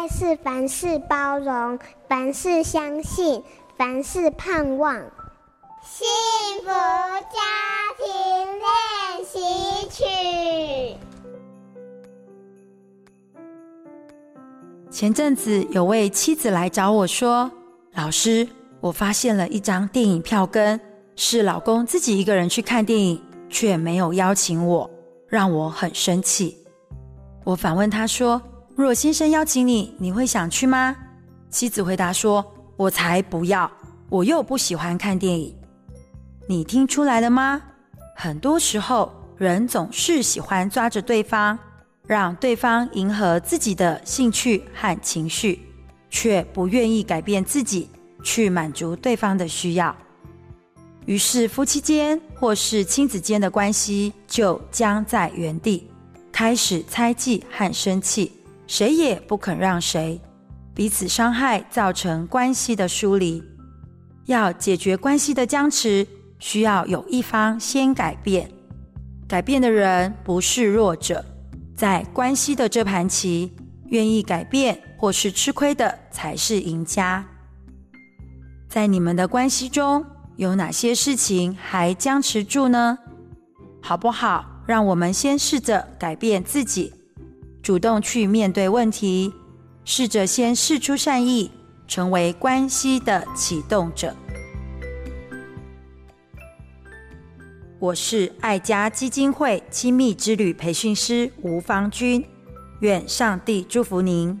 愛是凡事包容，凡事相信，凡事盼望。幸福家庭練習曲。前陣子有位妻子來找我說：“老師，我發現了一張電影票根，是老公自己一個人去看電影，卻沒有邀請我，讓我很生氣。”我反問他說。若先生邀請你，你會想去嗎？妻子回答說：“我才不要，我又不喜歡看電影。”你聽出來了嗎？很多時候，人總是喜歡抓着對方，讓對方迎合自己的興趣和情緒，卻不願意改變自己去滿足對方的需要。於是，夫妻間或是親子間的關係就僵在原地，開始猜忌和生氣。誰也不肯讓誰，彼此傷害造成關係的疏離。要解決關係的僵持，需要有一方先改變。改變的人不是弱者，在關係的這盤棋，願意改變或是吃虧的才是贏家。在你們的關係中，有哪些事情還僵持住呢？好不好，讓我們先試着改變自己。主動去面對問題，試着先釋出善意，成為關係的啟動者。我是愛家基金會親密之旅培訓師吳芳君，願上帝祝福您。